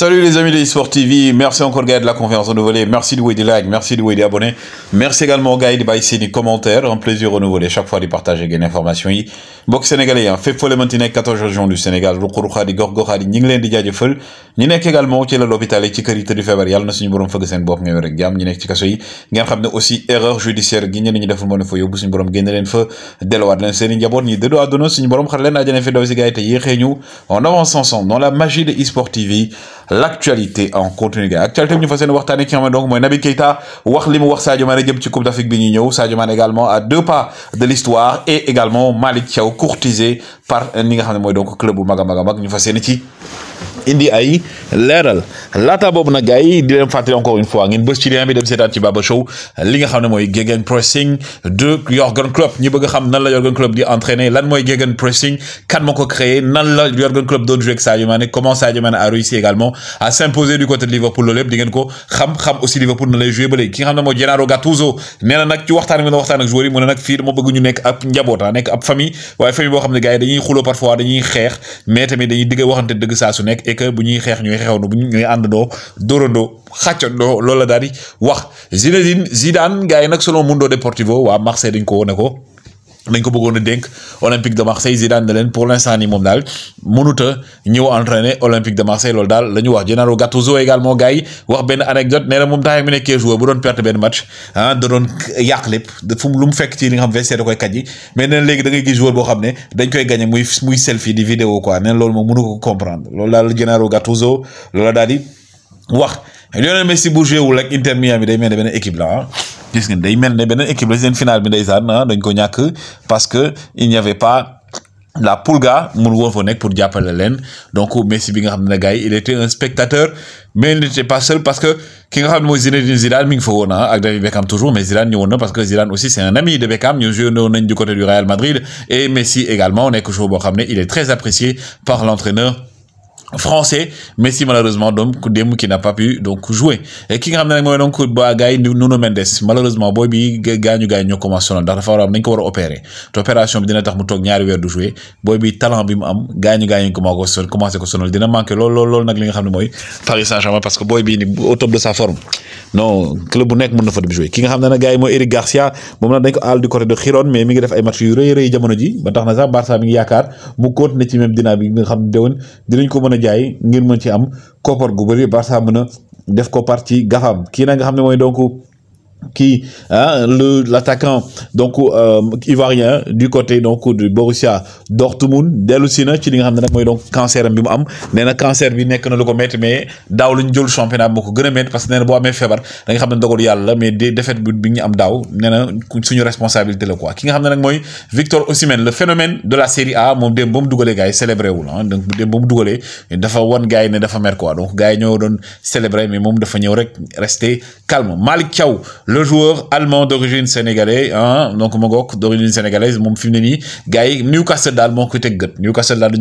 Salut les amis de eSport TV, merci encore gars de la conférence renouvelée, merci de vous des like, merci de vous des abonné, merci également gars de baisser des commentaires, un plaisir renouvelé chaque fois de partager des informations. Bok sénégalais, hein, fait folle maintenant 14 régions du Sénégal, Roukourouha, di Gorgorha, di Ninglène, di Djadjefoul, ni nek également qui est l'hôpital et qui carite du février, yalla suñu borom fëgg sen bop ngeen rek jam ñi nek ci kasso yi ngeen xamne aussi erreur judiciaire gi ñeen ñi deful mo fa yobbu suñu borom génn len fa delawat leen seen njabot ñi deddo aduna suñu borom xar leen adjana fi daw ci gaay té yéxé ñu on avance ensemble dans la magie de eSport TV l'actualité en continu actualité nous ñu voir yéene donc moi, Nabi Keita wax li mu wax Sadio Mané ci Coupe d'Afrique bi Sadio également à deux pas de l'histoire et également Malick courtisé par ni euh, nga donc club ou mag Nous faisons indi ay leral lata bobu na gay yi di len fàttali encore une fois ngeen bës ci lien bi dem seetaan ci Baba Show li nga xam moy Gegen pressing de Jürgen Klopp ñi bëgg xam nan la Jürgen Klopp di entraîner lan moy Gegen pressing kan moo créer nan la Jürgen Klopp doon jouer ak Sadio Mané comment Sadio Mané a réussi également à s'imposer du côté de Liverpool loolu di ngeen ko xam xam aussi Liverpool na lay jouer ba léegi ki nga xam ne Gennaro Gattuso nee nak ci waxtaan bi na waxtaan ak joueur yi mu nak nag mo bëgg ñu nekk ab njaboota ah, nekk ab famille waaye famille bo xam gay yi dañuy xulo parfois dañuy xex mais tamit dañuy diggé waxanté dëgg sa su nekk et que bu ñuy xeex ñooy xeexaw na bu ñu ñooy àndandoo dóorandoo xàccandoo loolu la daal di wax Zinedine Zidane gars yi nag selon Mundo Deportivo waa Marseille dañ ko wone ko dañ ko bëggoon a Olympique de Marseille Zidane da leen pour l'instant ni moom daal mënut a ñëw entraîné Olympique de Marseille loolu daal la ñu wax Gennaro Gattuso également gars yi wax benn anecdote nee na moom daa mu nekkee joueur bu doon perte benn match ah da doon yàq de fu lu mu fekk ci li nga xam vestiaire da koy kaj yi mais nee na léegi da ngay gis joueur boo xam ne dañ koy gagné muy muy selfie di vidéo quoi nee na loolu moom mënu ko comprendre loolu daal Gennaro Gattuso loola daal di wax Lionel Messi bougé ou wul ak Inter Miami day mel ne équipe là ah gis day mel ben équipe la seen finale bi ndeysaan ah dañ ko parce que il n'y avait pas la Pulga mon woon fa pour jàppale leen donc Messi bi nga gars il était un spectateur mais il n'était pas seul parce que ki nga xam ne Zinedine Zidane mi ngi ah, ak David Beckham toujours mais Zidane ñëwoon na parce que Zidane aussi c'est un ami de Beckham nous joué nañ du côté du Real Madrid et Messi également On est boo au ne il est très apprécié par l'entraîneur français Messi malheureusement donc démb qui n'a pas pu donc jouer et qui xam moi donc ba Nuno Mendes malheureusement booy bi gañu gaañu ñoo commencé noonu dafa war a ko war opérer te opération bi dina tax mu tok ñaari weer du jouer booy bi talent bi mu am gañu gaañu commencé ko commencé ko sonal dina manquer lool lool lool nag li nga xamné moy Paris Saint-Germain parce que booy bii ni au top de sa forme non club bu nekk mën na fa dem jouer ki nga xamné na gaay moy Eric Garcia mom nag dañ ko aal du côté de Giron mais mi ngi def ay match yu reuy reuy jamono ji ba tax na sax Barça mi ngi yakar mu continuer ci même dynamique bi nga xam ne déwén dinañ ko mëna jaay ngir mën ci am koppar gu bëri Barça mën a def ko par ci gafam kii na nga xam ne mooy donc qui hein, le l'attaquant donc euh, ivoirien du côté donc du Borussia Dortmund dellusi na ci li nga xamné ne nag donc cancer bi mu am néna cancer bi nek na lu ko métti mais daaw lañ jël championnat beaucoup ko gën parce que nee na boo amee da nga xamné ne yalla mais des défaites bi bi ñu am daw néna suñu responsabilité la quoi ki nga xamné nak moy Victor Osimhen le phénomène de la Série A mom dem ba mu gars célébré wul hein donc démb ba mu dafa won gars né ne dafa mer quoi donc gars ñoo doon célébré mais mom dafa ñëw rek resté calme Malick Thiaw le joueur allemand d'origine sénégalaise hein donc mon d'origine sénégalaise mon fi mu ne gars Newcastle d'Allemand, moo koy Newcastle daal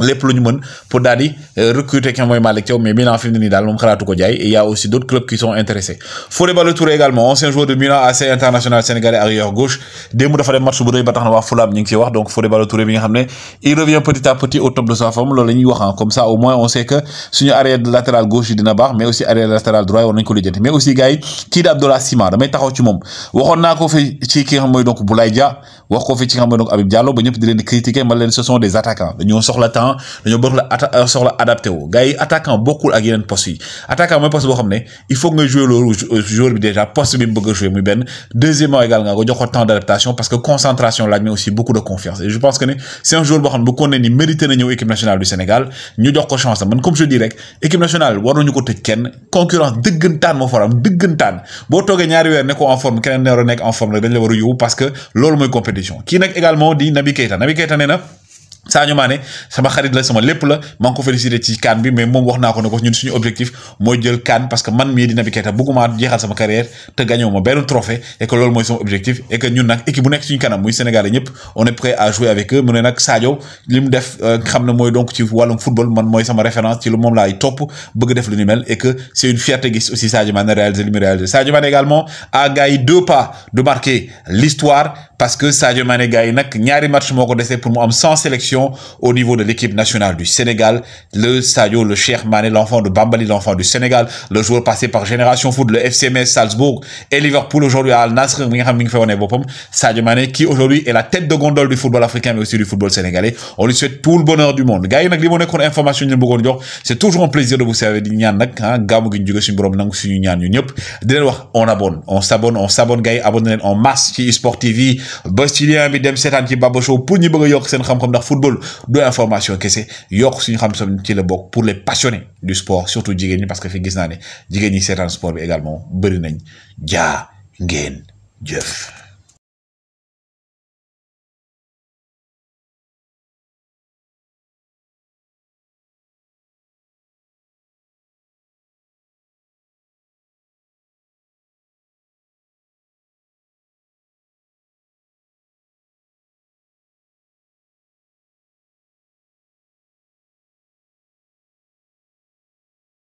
les lu mën pour dali euh, recruter ki mooy Malick Thiaw mais Milan fi mu ne nii daal ko jaay et il y a aussi d'autres clubs qui sont intéressés Fodé Ballo-Touré également ancien joueur de Milan AC international sénégalais arrière gauche démb dafa dem match bu doy ba tax na waa Fulham wax donc Fodé Ballo-Touré bi nga il revient petit à petit au top de sa forme Le la wax hein. comme ça au moins on sait que suñu arrière latéral gauche yi dina baax mais aussi arrière latéral droit war est ko lijjanti mais aussi gars yi kii di Abdallah Sima damay taxaw ci moom waxoon naa ko fi ci ki nga xam mooy donc Boulaye Dia wax ko fi ci nga donc Diallo ba ñëpp di leen critiquer mal leen ce sont des attaquants dañoo soxla temps attaquant dañoo bokk la euh, soxla adapté wu gars yi attaquant bokkul ak yeneen poste yi attaquant mooy poste boo xam ne il faut nga jouer loolu euh, joueur bi déjà poste bi mu bëgg a jouer muy benn deuxièmement égal nga ko jox ko temps d'adaptation parce que concentration laaj mais aussi beaucoup de confiance et je pense que ne c'est un joueur boo xam ne bu ko nee ni mérité na ñëw équipe nationale du Sénégal ñu jox ko chance man comme je dis rek équipe nationale war nañu ko tëj kenn concurrence dëggantaan moo faram dëggantaan boo toogee ñaari weer nekkoo en forme keneen ne war a nekk en forme rek dañ la war a yóbbu parce que loolu mooy compétition kii nag également di Naby Keita Naby Keita nee na Sadio Mané sama xarit la sama lépp la maa ko féliciter ci CAN bi mais mom wax naa ko ne ko ñun suñu objectif mooy jël CAN parce que man mi di Naby Keita bëgguma jéxal sama carrière te gagné wu ma benn trophée et que lool moy sama objectif et que ñun nak équipe bu nekk suñu kanam muy Sénégalais ñëpp on est prêt à jouer avec eux mu nak nag Sadio li def euh, xamna moy donc ci walum football man moy sama référence ci lu moom laay top bëgg def lu ni mel et que c'est une fierté gis aussi Sadio Mané réalisé li mu réalisé Sadio Mané également a gaay deux pas de marquer l'histoire parce que Sadio Mané n'y a de match moko déssé pour moi. am 100 au niveau de l'équipe nationale du Sénégal le Sadio le cher Mané l'enfant de Bambali l'enfant du Sénégal le joueur passé par Génération Foot le FC Salzbourg et Liverpool aujourd'hui à Al Nassr mi nga Sadio Mane qui aujourd'hui est la tête de gondole du football africain mais aussi du football sénégalais on lui souhaite tout le bonheur du monde gars nak li mo nekkoon information ñu jox c'est toujours un plaisir de vous servir di ñaan on ah gi ñaan on abonne on s'abonne on s'abonne en masse ci TV bostilien bi dem seetaan ci Baba Show pour ñu bëgg a yokk seen xam-xam ndax football do information kese yokk suñu xam-xam ci la bok pour les passionnés du sport surtout jigéen ñi parce que fi gis na ne jigéen ñi seetaan sport bi également bari nañ ja ngeen jëf